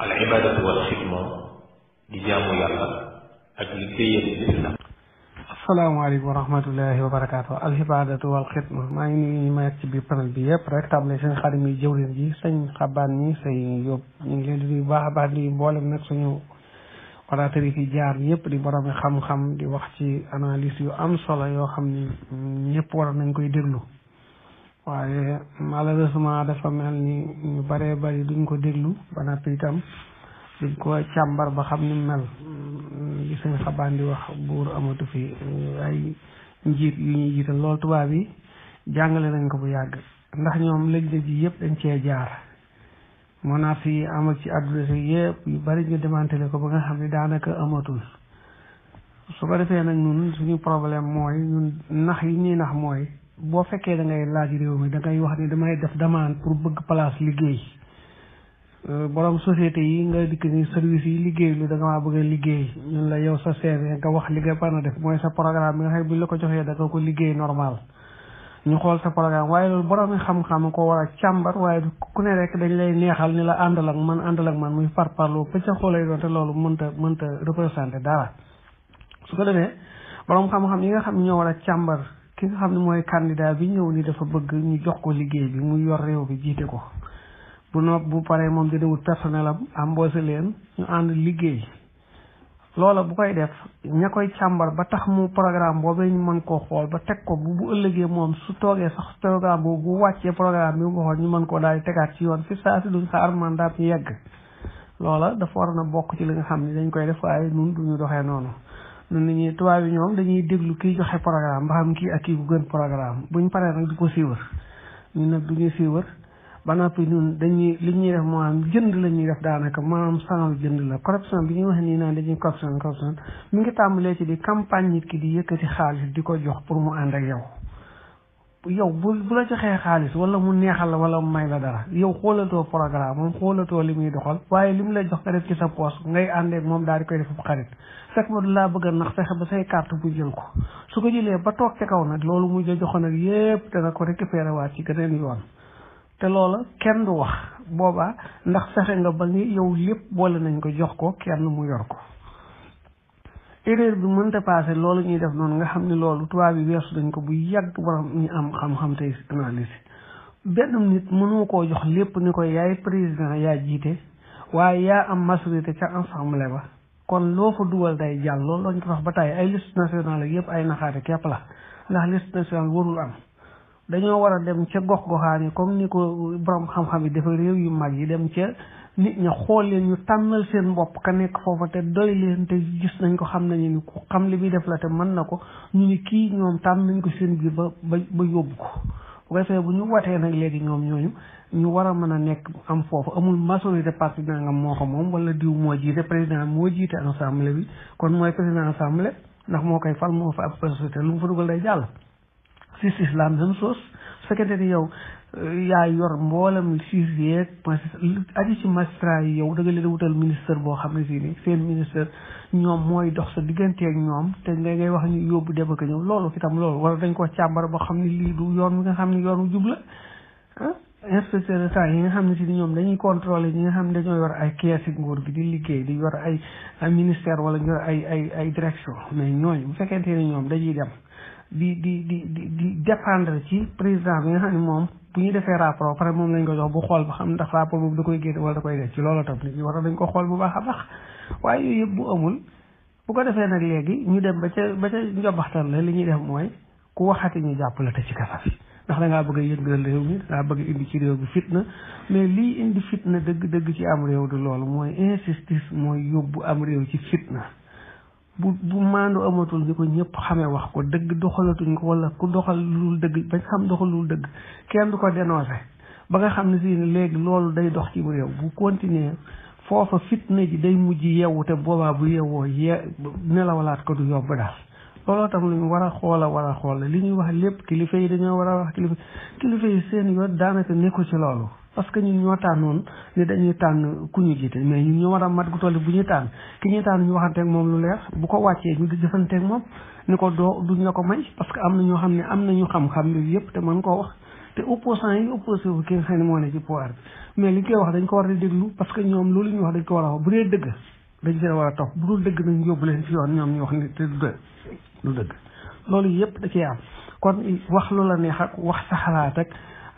al ibadatu wal xidma di jaamu yàlla ak li téyal lislam asalaamaaleykum wa rahmatullahi wa barakaatu al ibadatu wal xidma maa ngi nuyu ñi may ci biir panel bi yëpp rek tàmbale seen xarit mi jëwrin ji sëñ xabaan ñi sëñ yóbbu ñu ngi leen di nuyu baax a baax di mboolem nag suñu orateur yi fi jaar yëpp di borom xam-xam di wax ci analyse yu am solo yoo xam ni ñëpp war nañ koy déglu waaye malheureusement dafa mel ni ñu baree bari duñ ko déglu banaat noppi itam duñ ko càmbar ba xam ni mel mm, gi sañ xabaan di wax buur amatu fi eh, ay njiit yu ñuy jiital lool tubaab yi jàngale nañ ko bu yàgg ndax ñoom lëj lëj yi yëpp dañ cee jaar moo monarchie yi amal ci àdduna si yu bari ñu démantelé ko ba nga xam ne daanaka amatul su ko defee nag ñun suñu problème mooy ñun nax yi ñuy nax mooy boo fekkee da ngay laaj réew mi da ngay wax ne damay def demande pour bëgg place liggéey euh, borom société yi nga dikk ni service yi liggéey lu da bëgg a liggéey ñun la yow sa CV nga wax li nga mën def mooy sa programme bi nga xam ne bu la ko joxee da nga ko liggéey normal ñu xool sa programme waaye loolu borom xam-xam ko war a càmbar waaye ku ne rek dañ lay neexal ni la àndal ak man àndal ak man muy par parloo pëcca xoolay doon te loolu mënta mënta représenté dara su ko defee borom xam-xam yi nga xam ñoo war a càmbar ki nga xam ne mooy candidat bi ñëw ni dafa bëgg ñu jox ko liggéey bi mu yor réew bi jiite ko bu nopp bu paree moom dina wut personnel am embauché leen ñu ànd liggéey loola bu koy def ña koy càmbar ba tax mu programme boobee ñu mën koo xool ba teg ko bu bu ëllëgee moom su toogee sax programme boobu bu wàccee programme bi mu waxoon ñu mën koo daal tegaat ci yoon fi saa si duñ xaar mandat yegg loola dafa waroon na bokk ci li nga xam ne dañ koy def waaye nun duñu doxee noonu ñun dañuy tubaab yi ñoom dañuy déglu kiy joxe programme ba kii ak kii bu gën programme buñ paree nag di ko siiwar ñun nag du ñuy siiwar ba noppi ñun dañuy li ñuy def maanaam jënd la ñuy def daanaka maanaam sanal jënd la corruption bi ñuy wax nii naan dañuy corruption corruption mu ngi tàmbalee ci di campagne nit ki di yëkkati xaalis di ko jox pour mu ànd ak yow. yow bu bu la joxee xaalis wala mu neexal la wala mu may la dara yow xoolatoo programme moom xoolatoo li muy doxal waaye li mu lay jox nga def sa poos ngay àndeek moom daal di koy def bu xarit fekk ma laa bëgg a nax fexe ba say carte bu jël ko su ko jëlee ba toog ca kaw nag loolu mu la joxoon ak yépp dana ko récupérer waat ci geneen yoon te loola kenn du wax boobaa ndax fexe nga ba ni yow lépp boole nañ ko jox ko kenn mu yor ko erreur bi mënta passé loolu ñuy def noonu nga xam ni loolu tubaab yi weesu dañ ko bu yàgg borom ñu am xam-xam tey analyse benn nit mënoo koo jox lépp ni ko yaay président yaa jiite waaye yaa am majorité ca ensemble ba kon loo fa dugal day jàll loolu lañ ko wax ba tey ay liste nationale ak yëpp ay naxaate képp la ndax liste nationale warul am dañoo war a dem ca gox goxaan yi comme ni ko borom xam-xam yi dafa réew yu mag yi dem ca nit ña xool leen ñu tànnal seen bopp ka nekk foofa te doy leen te gis nañ ko xam nañu ni ku xam li muy def la te mën na ko ñu ni kii ñoom tànn nañ ko seen biir ba ba ba yóbbu ko bu ko defee bu ñu watee nag léegi ñoom ñooñu ñu war a mën a nekk am foofu amul majorité parti nangam moo ko moom wala diw moo jiite président moo jiite assemblée bi kon mooy président assemblée ndax moo koy fal moo fa ab personnalité lu mu fa justice islam même chose su fekkente ni yow eh, yaa yor mboolem juge yeeg parce que aju ci magistrat yi yow da nga leen wutal ministre boo xam ne si ni seen ministre ñoom mooy dox sa digganteeg ñoom te nga ngay wax ñu yóbbu dem ak ñëw loolu itam loolu wala dañ ko càmbar boo xam ne lii du yoon wi nga xam ne yoon wu jub la ah inspecteur yi nga xam ne si ñoom dañuy contrôler ñi nga xam ne dañoo yor ay keesi nguur bi di liggéey di yor ay ay ministère wala ñu ay ay ay direction mais ñooñu bu fekkente ne ñoom dañuy dem di di di di di dépendre ci président bi nga xam ne moom bu ñu defee rapport pare moom lañ ko jox bu xool ba xam ndax rapport boobu da koy génn wala da koy def ci loolu tam nit war nañ ko xool bu a baax waaye yëpp bu amul bu ko defee nag léegi ñu dem ba ca ba ca njobaxtan la ñuy def mooy ku waxati ñu jàpp la te ndax da ngaa bëgg a yëngal réew bëgg indi ci réew bi fitna mais lii indi fitna dëgg dëgg ci am réew du loolu mooy injustice mooy yóbbu am réew ci fitna bu bu maandu amatul ni ko ñëpp xamee wax ko dëgg doxalatuñ ko wala ku doxal lu dëgg bañ xam doxal lul dëgg kenn du ko dénoncé ba nga xam ne si léegi loolu day dox ci réew bu continuer foofa fitna ji day mujj yeewu te boobaa bu yeewoo yee nelawalaat ko du yomb daal looloo tam lu ñu war a xoola war a xoola li ñuy wax lépp kilifa yi dañoo war a wax kilifa kilifa yi seen yoon daanaka nekku ci loolu parce que ñu ñoo tànnoon ne dañuy tànn ku ñu jiite mais ñun ñoo war a mat gu toll bu ñuy tànn ki ñuy tànn ñu waxanteeg moom lu leer bu ko wàccee ñu di jëfanteeg moom ni ko doo duñ la ko may parce que am na ñoo xam ne am nañu xam-xam bi yëpp te man koo wax te opposant yi opposé wu ki nga xam ne moo ne ci pouvoir bi mais li koy wax dañ ko war a déglu parce que ñoom loolu ñu wax dañ ko war a wax bu dee dëgg dañ cee war a topp bu dul dëgg nañ yóbbu leen ci yoon ñoom ñu wax ni te du dëgg loolu yëpp da cee kon wax lu la neex wax sa xalaat ak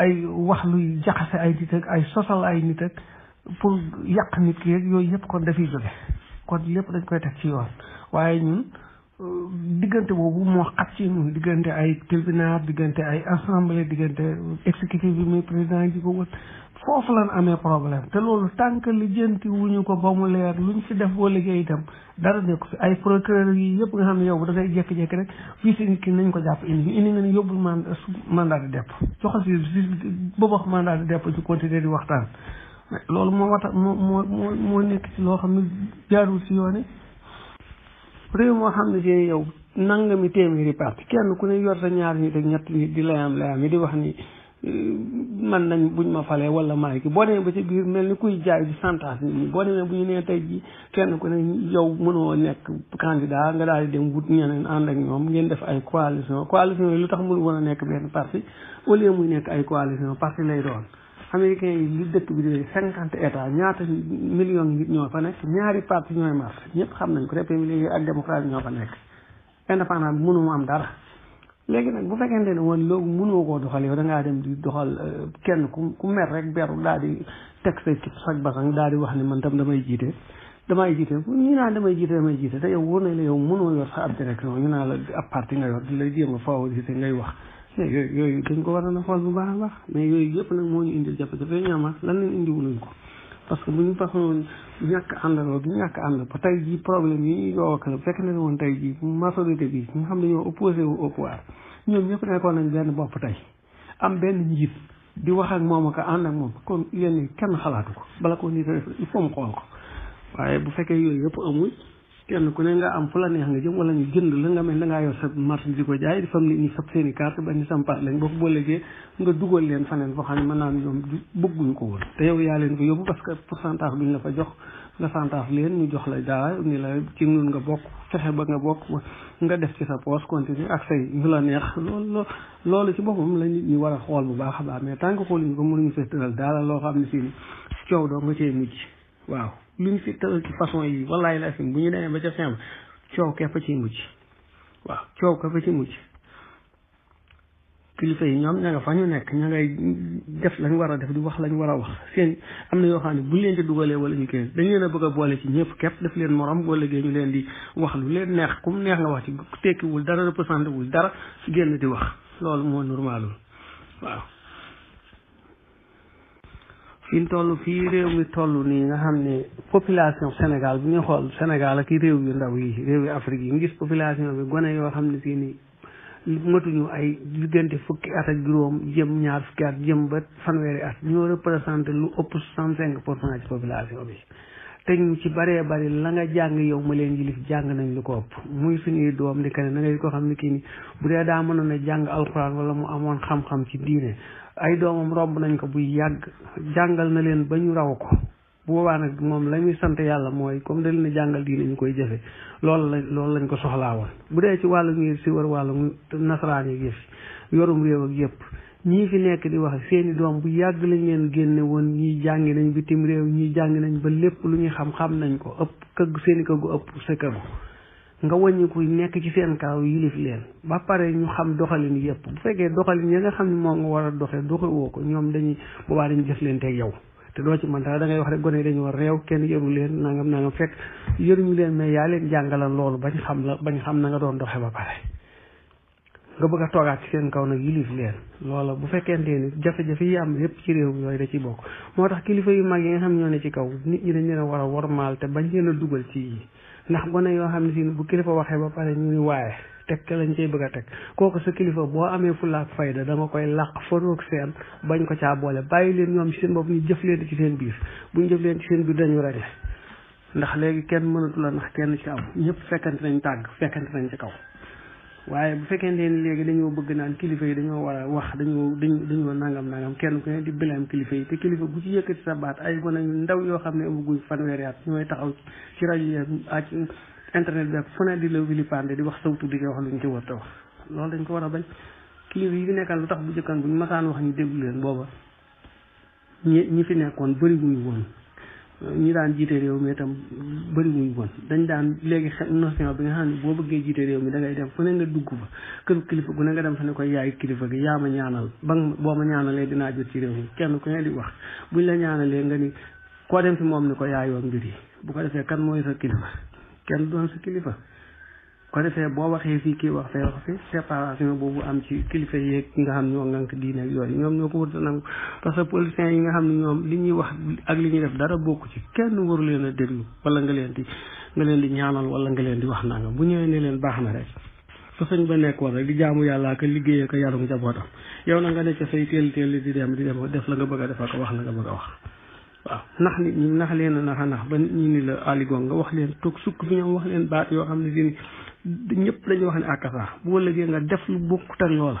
ay wax luy jaxase ay nit ak ay sosal ay nit ak pour yàq nit ki rek yooyu yëpp kon dafiy jóge kon lépp dañ koy teg ci yoon waaye ñun euh, diggante boobu moo xat ci ñun diggante ay tribunal diggante ay assemblée diggante exécutif bi muy président di ko wët foofu lan amee problème te loolu tànk lijjanti wuñu ko ba mu leer luñ ci def boo liggéey itam dara nekku fi ay procureur yi yëpp nga xam ne yow da ngay jékki rek fii si nit ki nañ ko jàpp indi indi nga ne yóbbul mandat mandat de dépôt joxal si si ba wax mandat de dépôt ci continuer di waxtaan loolu moo wata moo moo moo moo nekk loo xam ne jaarul si yoon réew moo xam ne si yow nangami téeméeri parti kenn ku ne yor sa ñaar ñi te ñett ñi di la layam yi di wax ni euh, man nañ buñ ma falee wala maay ki boo demee ba ci biir mel ni kuy jaay di santaas nit ñi boo bu ñu nee tey ji kenn ku ne yow mënoo nekk candidat nga daa di dem wut ñeneen ànd ak ñoom ngeen def ay coalition coalition yi lu tax mënu mën a nekk benn parti au lieu muy nekk ay coalition parti lay doon américains yi li dëkk bi di cinquante états ñaata million nit ñoo fa nekk ñaari parti ñooy mars ñëpp xam nañ ko républicain yi ak démocrate ñoo fa nekk indépendant bi mënu am dara léegi nag bu fekkente ne woon loolu mënoo koo doxal yow da ngaa dem di doxal euh, kenn ku ku mer rek beru daal di teg sa ci sag basang daal di wax ne man tam damay jiite damay jiite ñu naan damay jiite damay jiite te yow wóor na la yow mënoo yor sa ab direction ñu naa la ab parti nga yor di la jéem a ngay wax mais eh, yooyu yooyu dañ ko war na xool bu baax na baax mais yooyu yëpp nag moo ñu indil jafe-jafe ñaama lan lañ indi wuluñ ko parce que bu ñu façon ñàkk àndaloo du ñàkk ànd ba tey jii problème yi ñuy yow fekk na woon tey jii majorité bi ñi nga xam ne ñoo opposé wu au pouvoir ñoom ñëpp nekkoon nañ benn bopp tey am benn njiit di wax ak moom ak ànd moom kon yéen kenn xalaatu ko bala ko nit a def il faut mu xool ko bu fekkee yooyu yëpp amul kenn ku ne nga am fu la neex nga jëm wala ñu jënd la nga mel da ngaa yor sa marché di ko jaay fam ni ni sab seen i ba ni sampaat lañ boo ko nga dugal leen faneen foo xam ne mën naa ko woon te yow yaa leen ko yóbbu que pourcentage bi ñu la fa jox nga santaaf jox la daa ni la ci nun nga bokk fexe ba nga bokk nga def ci sa poche continue ak say la neex loolu loolu ci boppam la nit ñi war a xool bu baax a baax mais tant que xooluñu mun ñu fee tëral daala loo am ne si coow doo nga cee mujj waaw luñ fi tëral ci façon yi wallaahi la fi bu ñu demee ba ca fin ba coow képp ciy mucc waaw coow képp ci mucc kilifa yi ñoom ña nga fa ñu nekk ña ngay def lañu war a def di wax lañu war a wax seen am na yoo xam ne buñ leen di dugalee wala ñu kenn dañ leen a bëgg a boole ci ñëpp képp def leen morom wala léegi ñu leen di wax lu leen neex ku neex nga wax ci tekkiwul dara représenté wul dara su génn di wax loolu moo normalul waaw. fi ñu kii réew mi toll nii nga xam ne population Sénégal bu ñu xool Sénégal ak réew yu ndaw yi réew yu Afrique yi ñu gis population bi gone yoo xam ne fii nii matuñu ay diggante fukki at ak juróom jëm ñaar fukki at jëm ba fanweeri at ñoo représenté lu ëpp soixante cinq pour cent bi te ñu ci bëree bëri la nga jàng yow ma leen jilif jàng nañ lu ko ëpp muy suñuy doom ni que ne na ngay ko xam ne kii ni bu dee daa mënoon a jàng alxuraan wala mu amoon xam ci diine ay doomam romb nañ ko buy yàgg jàngal na leen ba ñu raw ko bu nag moom la ñuy sant yàlla mooy comme da leen jàngal diine ñu koy jëfe lool la loolu lañ ko soxlaa woon bu dee ci wàllu ngir si war wàllu nasaraan yi yëf yorum réew ak yëpp ñii fi nekk di wax seeni doom bu yàgg lañ leen génne woon ñii jàngi nañ bitim réew ñii jàngi nañ ba lépp lu ñuy xam xam nañu ko ëpp këgg seeni këggu ëpp sa këggu nga wàññiku nekk ci seen kaw yilif leen ba pare ñu xam doxalin yëpp bu fekkee doxalin ya nga xam ne moo nga war a doxe doxe woo ko ñoom dañuy boobaa dañuy jëf leen teg yow te doo ci mën dara da wax rek gone yi dañu war réew kenn yëru leen nangam nangam fekk yëruñu leen mais yaa leen jàngalan loolu bañ xam la bañ xam na nga doon doxe ba pare nga bëgg a ci seen kaw nag yilif leen loola bu fekkente ni jafe-jafe yi am yépp ci réew yooyu da ci bokk moo tax kilifa yu mag yi nga xam ñoo ne ci kaw nit ñi dañ leen a war a wormaal te bañ leen dugal ci yi ndax gone yoo xam ne si bu kilifa waxee ba pare ñu ni waaye teg lañ cay bëgg a teg kooku sa kilifa boo amee fulla ak fayda da nga koy làq foroog seen bañ ko caa boole bàyyi leen ñoom ci seen bopp ñu jëf leen ci seen biir buñ jëf leen ci seen biir dañu rek ndax léegi kenn mënatu la ndax kenn ci am ñëpp fekkante nañ tàgg fekkent nañ ci kaw waaye bu fekkente ni léegi dañoo bëgg naan kilifa yi dañoo war a wax dañoo dañ dañoo nangam nangam kenn ku ne di bilaam kilifa yi te kilifa bu ci yëkkati sa baat ay gone ndaw yoo xam ne amaguñ fanweeri at ñooy taxaw ci rajo yi ak internet bi ak fu ne di la vilipande di wax sawtu di ko wax luñ ci war a wax loolu dañ ko war a bañ kilifa yi fi nekkaan lu tax bu bu ñu masaan wax ñu déglu leen booba ñi ñi fi nekkoon bëriwuñu woon ñi daan jiite réew mi itam bëri wuñ bon dañ daan léegi notion bi nga xam ne boo bëggee jiite réew mi dangay dem fu ne nga dugg fa kër kilifa gu ne nga dem fa ne koy yaay kilifa gi yaa ma ñaanal ba boo ma ñaanalee dinaa jot ci réew mi kenn ku ne di wax bu ñu la ñaanalee nga ni koo dem si moom ni ko yaayoon mbir yi bu ko defee kan mooy sa kilifa kenn doon si kilifa ko defee boo waxee fii kii wax fee wax fii séparation boobu am ci kilifa yeeg nga xam ñoo ngànk diine ak yooyu ñoom ñoo ko wërta parce que politiciens yi nga xam ne ñoom li ñuy wax ak li ñuy def dara bokk ci kenn waru leen a déglu wala nga leen di nga leen di ñaanal wala nga leen di wax nanga bu ñëwee ne leen baax na rek fa sëñ ba nekkoon rek di jaamu yàlla ak liggéey ak yarum njabootam yow na nga ne ca say teel teel di dem di def la nga bëgg a def wax la nga bëgg wax waaw nax nit ñi nax leen a nax a nax ba nit ñi la aligon nga wax leen toog sukk fi ñoom wax leen baat yoo xam ne si ni ñëpp dañuy wax ne àkkasaar bu ëllëgee nga def lu bokkut ak loola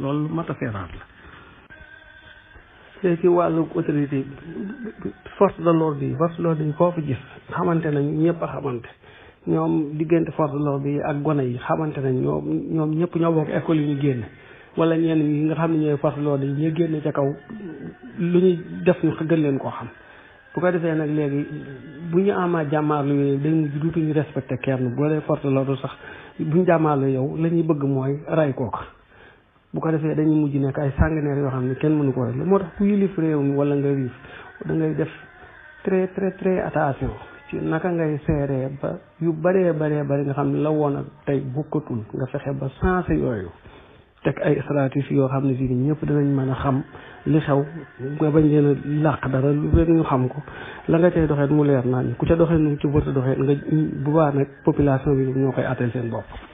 loolu mat a seeraat la. léegi wàllu autorité force de l'ordre yi force de l'ordre yi koo fi gis xamante nañ ñëpp a xamante ñoom diggante force de l'ordre bi ak gone yi xamante nañ ñoom ñoom ñëpp ñoo bokk école yi ñu génn wala ñenn ñi nga xam ne ñooy force de l'ordre yi ñu génn ca kaw lu ñuy def ñu gën leen koo xam bu ko defee nag léegi bu ñu ama jàmmaarlu yooyu day mujj duutuñu respecté kenn boo dee force loolu sax buñ jàmmaarlu yow la ñuy bëgg mooy ray kooka bu ko defee dañuy mujj nekk ay sanguinaire yoo xam ne kenn mënu ko lu moo tax ku yilif réew mi wala nga riif da ngay def très très très attention ci naka ngay seeree ba yu bëree baree bëri nga xam ne la woon ak tey bukkatul nga fexe ba sensé yooyu teg ay stratégie yoo xam ne si ñëpp danañ mën a xam lu xew nga bañ leen a làq dara lu leen ñu xam ko la nga cay doxeet mu leer naan ñu ku ca doxeet nu ci wërta doxeet nga bu baax nag population bi ñoo koy attel seen bopp